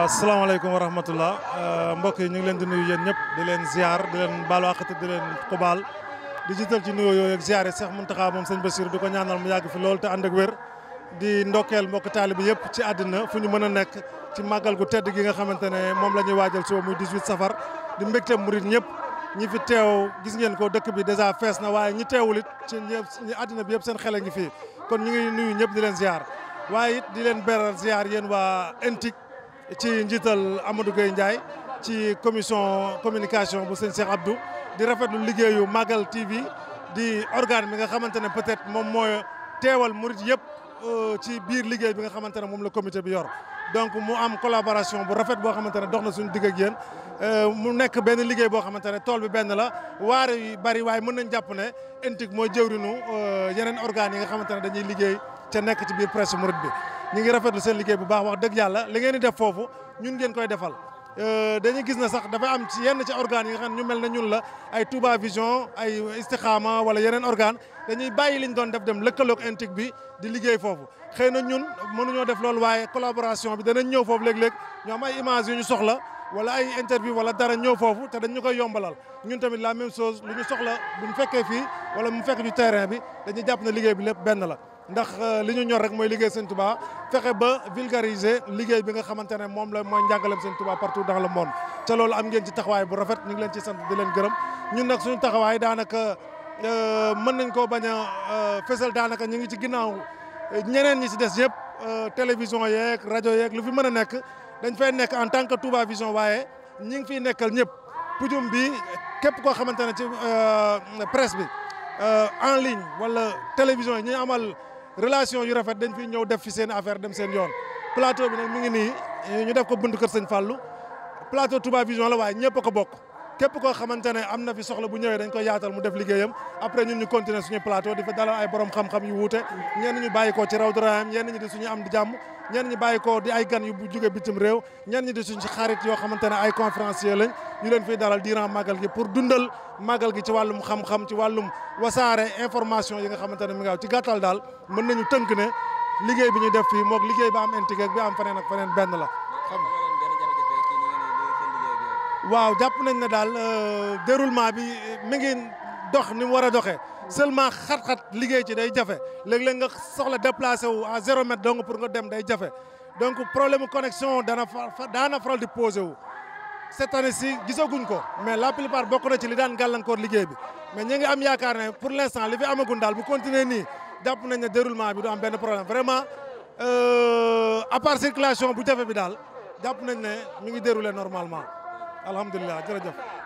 asalaamaaleykum wa rahmatullah euh, mbokk yi ñu ngi leen di nuyu yéen ñëpp di leen ziar di leen baalu àq te di leen xubaal di jiital ci nuyoo yooyu ak ziar yi Cheikh Mountakha moom sëñ Bassirou di ko ñaanal mu yàgg fi lool te ànd ak di ndokkeel mbokk taalibi yëpp ci àddina fu ñu mën a nekk ci màggal gu tedd gi nga xamante moom la waajal suba muy safar di mbégte murit ñëpp ñi fi teew gis ngeen ko dëkk bi dèjà fees na waaye ñi teewul it ci ñi àddina bi yëpp a ngi fii kon ñu ngi nuyu ñëpp di ci njiital Amadou Gueye Ndiaye ci commission communication bu sëñ Cheikh Abdou di rafetlu liggéeyu Magal TV di organe bi nga xamante ne peut-être moom mooy teewal murit yëpp euh, ci biir liggéey bi nga xamante ne moom la comité bi yor donc mu am collaboration bu rafet boo xamante ne dox na suñu digg ak yéen euh, mu nekk benn liggéey boo xamante ne tool bi benn la waar yi bari waaye mën nañ jàpp ne moo mooy nu euh, yeneen organes yi nga xamante ne dañuy liggéey ca nekk ci biir presse murid bi ñu ngi rafetlu seen liggéey bu baax wax dëgg yàlla li ngeen di def foofu ñun ngeen koy defal Euh, dañu gis na sax dafa am ci yenn ci organes yi xam ne ñu mel na ñun la ay Touba Vision ay Istikhama wala yeneen organe dañuy bàyyi li ñu doon def dem lëkkaloog intique bi di liggéey foofu xëy na ñun mënuñoo def loolu waaye collaboration bi danañ ñëw foofu léeg-léeg ñu am ay images ñu soxla wala ay interview wala dara ñëw foofu te dañ ñu koy yombalal ñun tamit la même chose lu ñu soxla bu mu fekkee fii wala mu fekk ñu terrain bi dañuy jàpp na liggéey bi lépp benn la ndax euh, li ñu ñor rek mooy liggéey sëñ Touba fexe ba vulgariser liggéey bi nga xamante ne moom la mooy njàngaleem sëñ Touba partout dans le monde te loolu am ngeen ci taxawaay bu rafet ñu ngi leen ci sant di leen gërëm ñun nag suñu taxawaay daanaka euh, mën nañ koo bañ a euh, fësal daanaka ñu ngi ci ginnaaw ñeneen ñi si des yëpp télévision yeeg rajo yeeg lu fi mën a nekk dañ fay nekk en tant que tubaa Vision waaye ñi ngi fiy nekkal ñëpp pujum bi képp koo xamante ne ci presse bi en ligne wala télévision relation yu rafet dañ fi ñëw def fi seen affaire dem seen yoon plateau bi nag mi ngi nii ñu def ko buntu kër sëñ Fallou plateau Touba Vision la waaye ñëpp a ko bokk képp koo xamante ne am na fi soxla bu ñëwee dañ koy yaatal mu def liggéeyam après ñun ñu continuer suñu plateau di fa dalal ay borom xam-xam yu wuute ñenn ñu bàyyi ko ci raw duraayam ñenn ñu di suñu am di jàmm ñenn ñi bàyyi ko di ay gan yu bi bitim réew ñenn ñi di suñu xarit yoo xamante ne ay conférencier lañ ñu leen fiy dalal diiran màggal gi pour dundal màggal gi ci wàllum xam-xam ci wàllum wasaare information yi nga xamante ne mi ngaaw ci gàttal daal mën nañu tënk ne liggéey bi ñu def fii moog liggéey bi am intigre bi am feneen ak benn la xam waaw jàpp nañ ne daal euh, déroulement bi euh, mi ngi dox ni mu war a doxee seulement xat-xat liggéey ci day jafe léeg-léeg nga soxla déplacé wu à zéro mètre donc pour nga dem day jafe donc problème connexion dana fa daana faral di posé wu. cette année ci gisaguñ ko mais la plupart bokk na ci li daan gàllankoor liggéey bi mais ñu ngi am yaakaar ne pour l' instant li fi amagun daal bu continuer nii jàpp nañ ne déroulement bi du am benn problème vraiment euh, à part circulation bu jafe bi daal jàpp nañ ne mi ngi déroulé normalement. الحمد لله جرجف